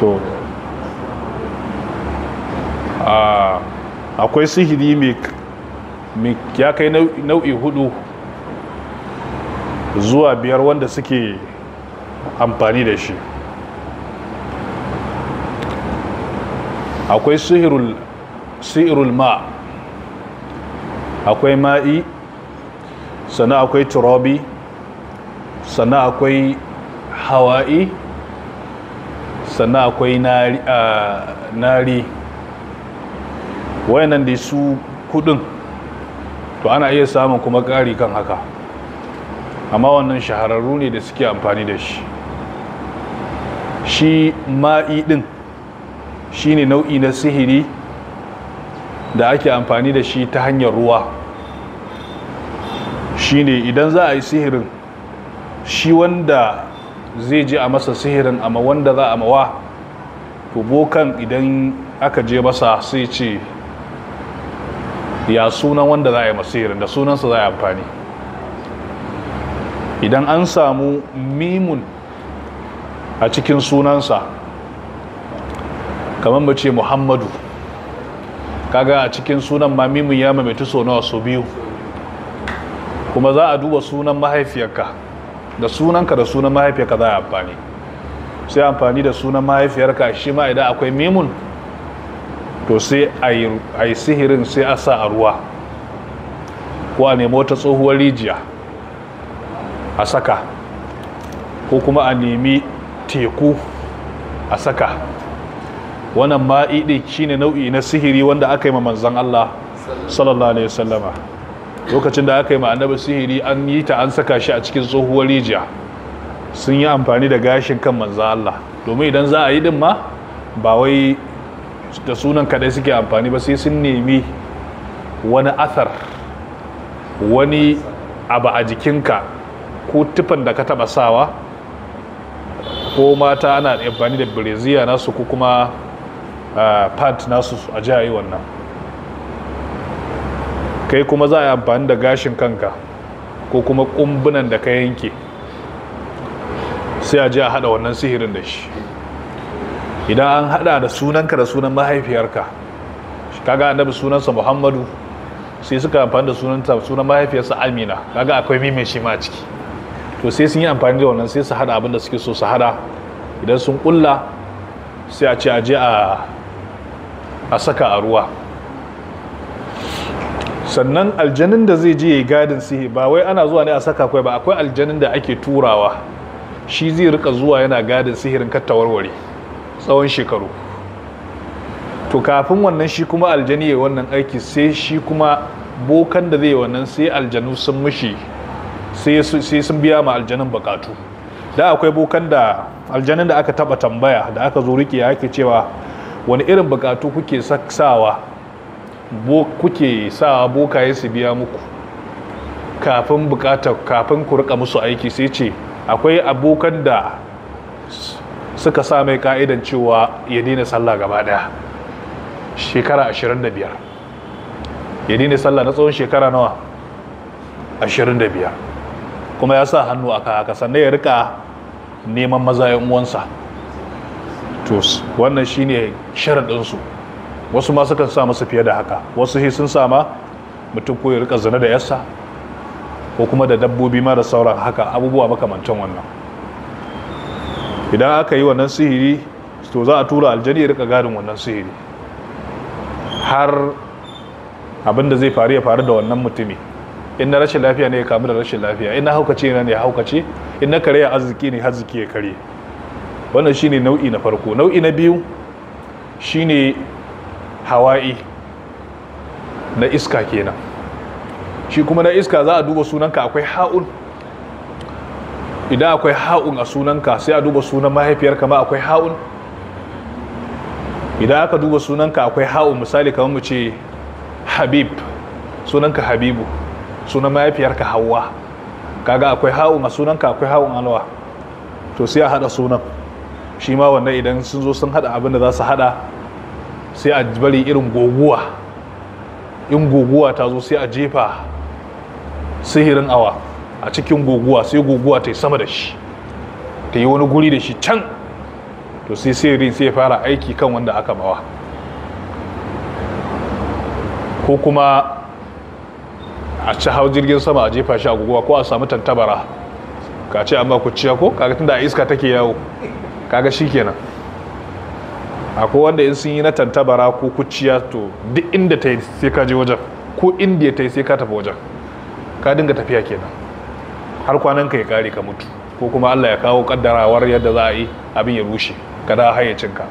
to akwai sihiri mai ya kai nau'i hudu zuwa biyar wanda suke amfani da shi akwai sihirul ma akwai ma'i sannan akwai turobi sannan akwai hawa'i sannan akwai nari wayannan da su kudin to ana iya samun kuma ƙari kan haka amma wannan shahararru ne da suke amfani da shi shi ma'i ɗin shi ne nau'i na sihiri da ake amfani da shi ta hanyar ruwa shi ne idan za a yi sihirin shi wanda zai je a masa sihirin amma wanda za a mawa to bokan idan aka je masa sai ce ya sunan wanda za a yi masihirin da sunansa za a amfani idan an samu mimun a cikin sunansa kamar ba ce muhammadu kaga a cikin sunan ma mimun ya mamaitu sau nawa sau biyu kuma za a duba sunan mahaifiyarka da sunanka da sunan mahaifiyarka za a amfani sai amfani da sunan mahaifiyarka shi ma idan akwai mimun to sai a yi sihirin sai a sa a ruwa ko a nemi wata tsohuwar rijiya a saka ko kuma a nemi teku a saka wannan ma'iɗi shine nau'i na sihiri wanda aka yi ma manzan Allah sallallahu alaihi wasallama lokacin da aka yi ma sihiri an yi ta an saka shi a cikin tsohuwar rijiya sun yi amfani da gashin kan manzo Allah domin idan za a yi din ma ba wai da sunan kadai suke amfani ba sai sun nemi wani athar wani abu a jikinka ko tufan da ka taba sawa ko mata ana amfani da bireziya nasu ko kuma ah, part nasu a jihayi wannan kai kuma za a yi amfani da gashin kanka ko kuma kumbunan da ka yanke sai a ji a hada wannan sihirin da shi idan an hada da sunanka da sunan mahaifiyarka kaga annabi sunansa muhammadu sai suka amfani da sunanta sunan mahaifiyarsa amina kaga akwai mimin shi ma ciki to sai sun yi amfani da wannan sai su hada abin da suke so su hada idan sun kulla sai a ce a je a saka a ruwa sannan aljanin da zai je gadin sihi ba wai ana zuwa ne a saka kwai ba akwai aljanin da ake turawa shi zai rika zuwa yana gadin sihirin kattawarwari tsawon shekaru to kafin wannan shi kuma aljani ya wannan aiki sai shi kuma bokan da zai wannan sai aljanu sun mushi sai sun biya ma aljanin bukatu da akwai bokan da aljanin da aka taba tambaya da aka zo rike ake cewa wani irin bukatu kuke sawa. kuke sa bokaye su biya muku kafin bukatar kafin ku rika musu aiki sai ce akwai abokan da suka sa mai ka'idan cewa ya daina sallah gaba daya shekara 25 ya daina sallah na tsawon shekara nawa 25 kuma ya sa hannu aka kaka sannan ya rika neman mazayin uwansa to wannan shine sharaɗinsu su wasu ma sukan sa masa fiye da haka wasu sun sama mutum ko ya rika zina da yasa ko kuma da dabbobi ma da sauran haka abubuwa makamantan wannan idan aka yi wannan sihiri to za a tura aljani ya rika gadin wannan sihiri har abinda zai faru ya faru da wannan mutumi in na rashin lafiya ne ya kamu da rashin lafiya in na haukace ne ya haukace in na kare ya arziki ne arziki ya kare wannan shine nau'i na farko nau'i na biyu shine hawa'i na iska kenan shi kuma na iska za a duba sunanka akwai ha'un idan akwai ha'un a sunanka sai a duba sunan mahaifiyarka ma akwai ha'un idan aka duba sunanka akwai ha'un misali kamar mu ce habib sunanka habibu sunan mahaifiyarka hawa kaga akwai ha'un a sunanka akwai ha'un alwa to sai a hada sunan shi ma wannan idan sun zo sun hada abin da za su hada sai a bari irin goguwa in goguwa ta zo sai a jefa sihirin awa a cikin goguwa sai goguwa ta yi sama da shi ta yi wani guri da shi can to sai sihirin sai fara aiki kan wanda aka bawa ko kuma a ci hau jirgin sama a jefa shi a goguwa ko a samu tantabara ka ce amma ku ciya ko kaga tunda a iska take yawo kaga shikenan akwai wanda in sun yi na tantabara ko kuciya to duk inda ta yi sai ka je wajen ko inda ya ta yi sai ka tafi wajen ka dinga tafiya kenan har kwanan ka ya kare ka mutu ko kuma Allah ya kawo kaddarawar yadda za a yi abin ya rushe ka da hayyacinka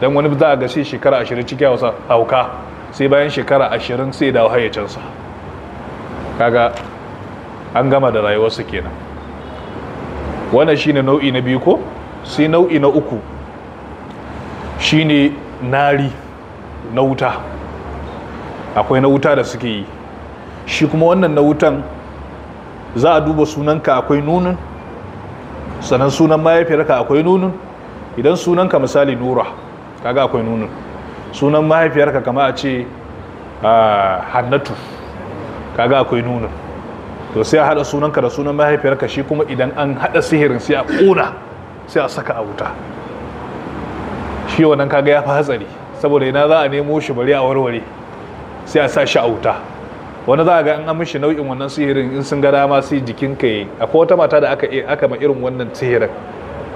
dan wani za a ga sai shekara ashirin ciki hausa hauka sai bayan shekara ashirin sai dawo hayyacinsa kaga an gama da rayuwarsa kenan wannan shine nau'i na biyu ko sai nau'i na uku shine nari na wuta akwai na wuta da suke yi shi kuma wannan na wutan za a duba sunanka akwai nunin sannan sunan mahaifiyarka akwai nunin idan sunanka misali nura kaga akwai nunin sunan mahaifiyarka kama a ce hannatu kaga akwai nunin to sai a hada sunanka da sunan mahaifiyarka shi kuma idan an hada sihirin sai a kona sai a saka a wuta shi wannan kaga ya fi hatsari saboda ina za a nemo shi bari a warware sai a sa shi a wuta wani za a ga an an mishi nau'in wannan sihirin in sun ga dama sai jikin ka yi a wata mata da aka aka ma irin wannan sihirin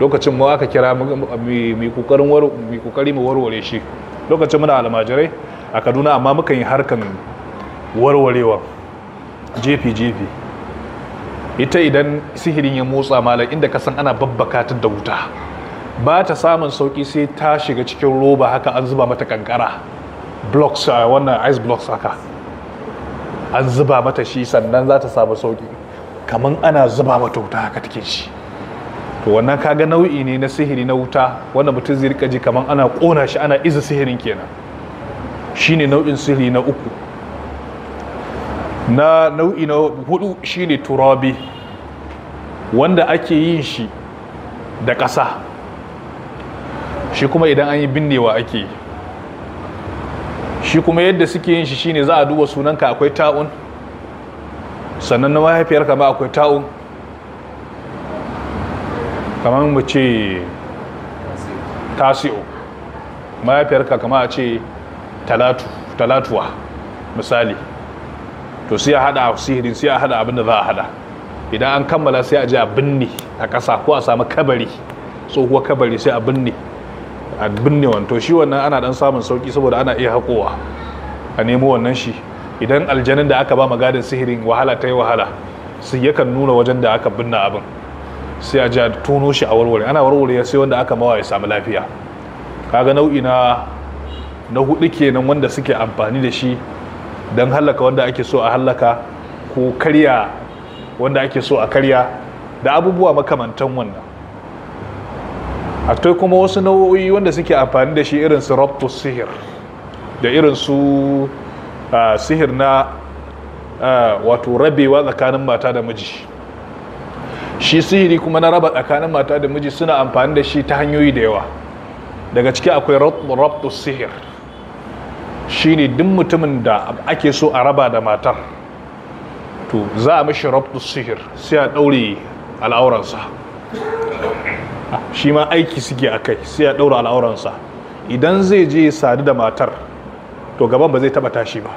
lokacin mu aka kira mai kokarin mai kokari mu warware shi lokacin muna almajirai a Kaduna amma muka yi harkan warwarewa jefi ita idan sihirin ya motsa malam inda ka san ana babba katin da wuta ba ta samun sauki sai ta shiga cikin roba haka an zuba mata kankara blocks wannan ice blocks haka an zuba mata shi sannan za ta samu sauki kamar ana zuba mata wuta haka take shi to wannan kaga nau'i ne na sihiri na wuta wanda mutum zai rika ji kamar ana kona shi ana iza sihirin kenan shine nau'in sihiri na uku na nau'i na hudu shine turabi wanda ake yin shi da ƙasa shi kuma idan an yi binnewa ake shi kuma yadda suke yin shi shine za a duba sunanka akwai ta'un sannan na mahaifiyarka ma akwai ta'un kamar mu ce tasi'o mahaifiyarka kama a ce talatuwa misali to sai a sihirin sai a hada abin da za a hada idan an kammala sai a ji a binne a ƙasa ko a samu kabari tsohuwar kabari sai a binne a binne wanto shi wannan ana dan samun sauki saboda ana iya haƙowa a nemo wannan shi idan aljanin da aka ba magadin sihirin wahala ta yi wahala sai yakan nuna wajen da aka binne abin sai a ji a tono shi a warware ana warware sai wanda aka mawa ya samu lafiya kaga nau'i na na hudu kenan wanda suke amfani da shi don hallaka wanda ake so a hallaka ko karya wanda ake so a karya da abubuwa makamantan wannan akwai kuma wasu nau'o'i wanda suke amfani da shi irin su rabtu sihir da irin su sihir na wato rabewa tsakanin mata da miji shi sihiri kuma na raba tsakanin mata da miji suna amfani da shi ta hanyoyi da yawa daga ciki akwai rabtu sihir shi ne duk mutumin da ake so a raba da matar to za a mashi rabtu sihir sai a ɗaure al'auransa shi ma aiki suke a kai sai ya ɗaura al'auransa idan zai je sadu da matar to gaban ba zai taɓa tashi ba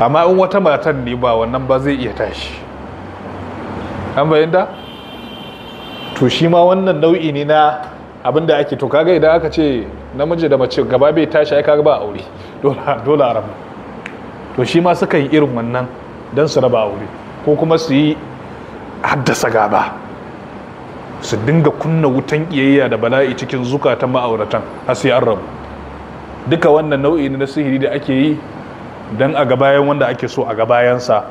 amma in wata matar ne ba wannan ba zai iya tashi an bayyanta to shi ma wannan nau'i ne na abin da ake to kaga idan aka ce namiji da mace gaba bai tashi ai kaga ba aure dole a rabu to shi ma suka yi irin wannan don su raba aure ko kuma su yi haddasa gaba su dinga kunna wutan kiyayya da bala'i cikin zuka ta ma'auratan har sai an rabu duka wannan nau'i na sihiri da ake yi don a gabayan wanda ake so a gabayansa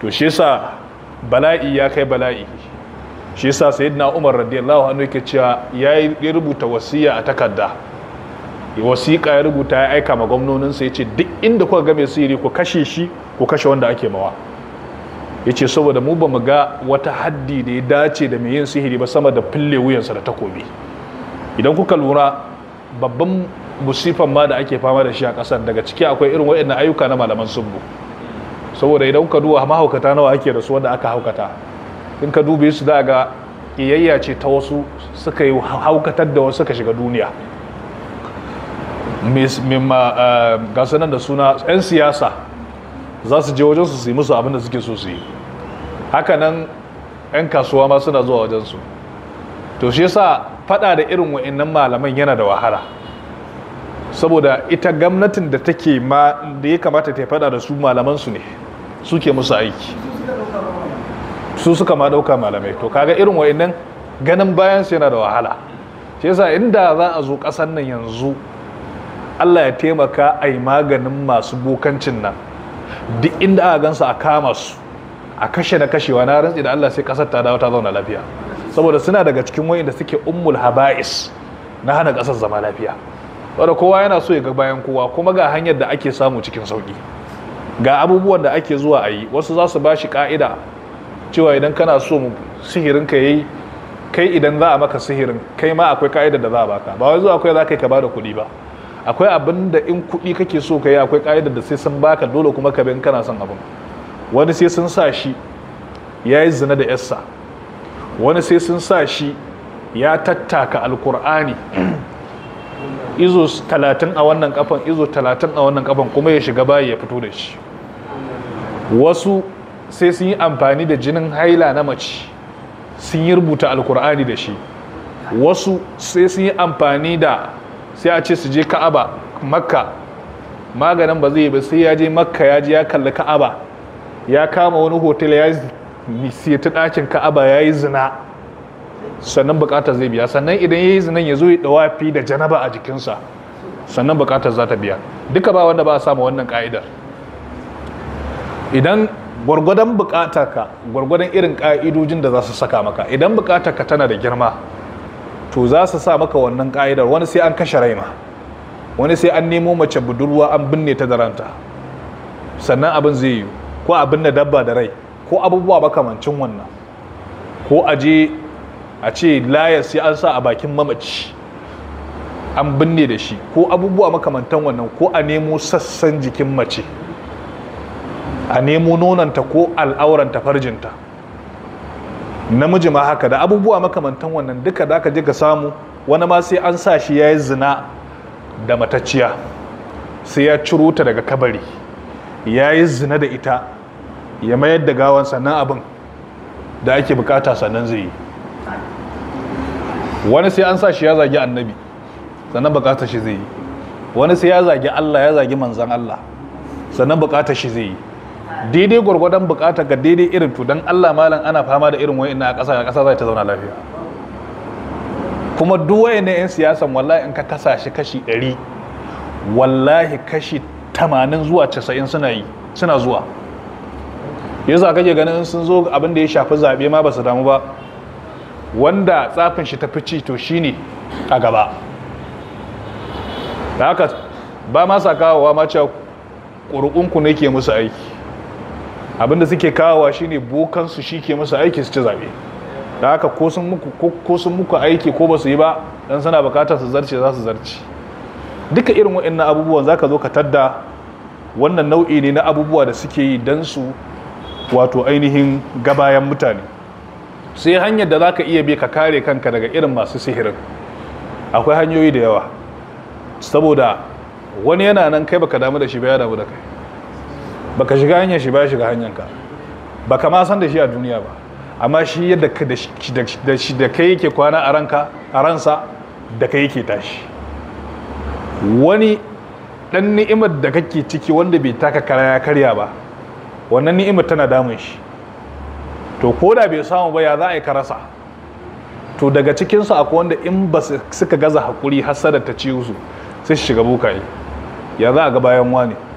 to shi sa bala'i ya kai bala'i shi yasa na Umar radiyallahu anhu yake cewa ya yi rubuta wasiya a takarda wasiƙa ya rubuta ya aika ma gwamnoninsa ya ce duk inda kuka ga mai sihiri ku kashe shi ku kashe wanda ake mawa ya ce saboda mu ba mu ga wata haddi da ya dace da mai yin sihiri ba sama da fille wuyansa da takobi idan kuka lura babban musifan ma da ake fama da shi a ƙasar daga ciki akwai irin waɗannan ayyuka na malaman subbu saboda idan ka duba mahaukata nawa ake da su wanda aka haukata in ka dube su daga ga iyayya ce ta wasu suka yi haukatar da wasu suka shiga duniya eh, ga da suna 'yan siyasa za su je wajen su yi musu abin da suke so su yi hakanan 'yan kasuwa ma suna zuwa wajensu to shi yasa fada da irin wa'annan malaman yana da wahala saboda ita gwamnatin da take ma da ya kamata ta fada da su malaman su ne suke musu aiki su suka ma dauka malamai to kaga irin wa'annan ganin bayan su yana da wahala shi yasa inda za a zo kasan nan yanzu Allah ya taimaka a yi maganin masu bokancin nan duk inda aka gansu a kama su a kashe na kashewa na rantsi da Allah sai kasar ta dawo ta zauna lafiya saboda suna daga cikin wayanda suke ummul haba'is na hana kasar zama lafiya saboda kowa yana so ya ga bayan kowa kuma ga hanyar da ake samu cikin sauki ga abubuwan da ake zuwa a yi wasu za su ba ka'ida cewa idan kana so mu sihirin ka yi kai idan za a maka sihirin kai ma akwai ka'ida da za a baka ba wai zuwa akwai za ka yi ka ba kuɗi ba akwai abin da in kuɗi kake so ka yi akwai ƙa'idar da sai sun baka dole kuma ka bin kana son abin wani sai sun sa shi ya yi zina da yassa wani sai sun sa shi ya tattaka alkur'ani izo talatin a wannan kafan izo talatin a wannan kafan kuma ya shiga bayi ya fito da shi wasu sai sun yi amfani da jinin haila na mace sun yi rubuta alkur'ani da shi wasu sai sun yi amfani da sai a ce su je ka'aba makka maganin ba zai ba sai ya je makka ya je ya kalli ka'aba ya kama wani hotel ya yi ɗakin ka'aba ya yi zina sannan bukata zai biya sannan idan ya yi zinan ya zo ya dawafi da janaba a jikinsa sannan bukata za ta biya duka ba wanda ba a samu wannan ka'idar idan gwargwadon bukatarka gwargwadon irin ka'idojin da za su saka maka idan bukatarka tana da girma to za su sa maka wannan ka'idar wani sai an kashe raima wani sai an nemo mace budurwa an binne ta da ranta sannan abin zai yi ko abin da dabba da rai ko abubuwa makamancin wannan ko a je a ce layar sai an sa a bakin mamaci an binne da shi ko abubuwa makamantan wannan ko a nemo sassan jikin mace a nemo nonanta ko al'auranta farjinta namiji ma haka da abubuwa makamantan wannan duka da aka je ka samu wani ma sai an sa shi ya yi zina da matacciya sai ya ciro ta daga kabari ya yi zina da ita ya mayar da gawan sannan abin da ake bukata sannan zai yi wani sai an sa shi ya zagi annabi sannan bukatar shi zai yi wani sai ya zagi allah ya zagi manzan allah sannan bukatar shi zai yi daidai gwargwadon bukata ga daidai irin to don Allah malam ana fama da irin wani na ƙasa a ƙasa zai ta zauna lafiya kuma duk na yan siyasan wallahi in ka kasa shi kashi 100 wallahi kashi 80 zuwa 90 suna yi suna zuwa yasa kake ganin sun zo abin da ya shafi zaɓe ma ba su damu ba wanda tsafin shi ta ci to shine a gaba da haka ba ma sa kawowa ma cewa ƙuri'unku ne ke musu aiki abinda suke kawowa shine bokansu shi ke musu aiki su ci zaɓe da haka ko sun muku aiki ko ba su yi ba dan sana bukatar su zarce za su zarce duka irin waɗannan abubuwan zaka zo ka tadda wannan nau'i ne na abubuwa da suke yi dan su wato ainihin gabayan mutane sai hanyar da zaka iya bi ka kare kanka daga irin masu sihirin akwai hanyoyi da yawa saboda wani yana nan kai baka damu da shi ba ya damu da kai baka shiga hanyar shi ba ya shiga hanyar ka baka ma san da shi a duniya ba amma shi yadda da kai yake kwana a ranka ransa da kai yake tashi wani dan ni'imar da kake ciki wanda bai taka kara ya karya ba wannan ni'imar tana damun shi to ko da bai samu ba ya za a yi karasa to daga cikinsu akwai wanda in ba suka gaza haƙuri hasada ta ciwo su sai shiga bukaye ya za a ga bayan wani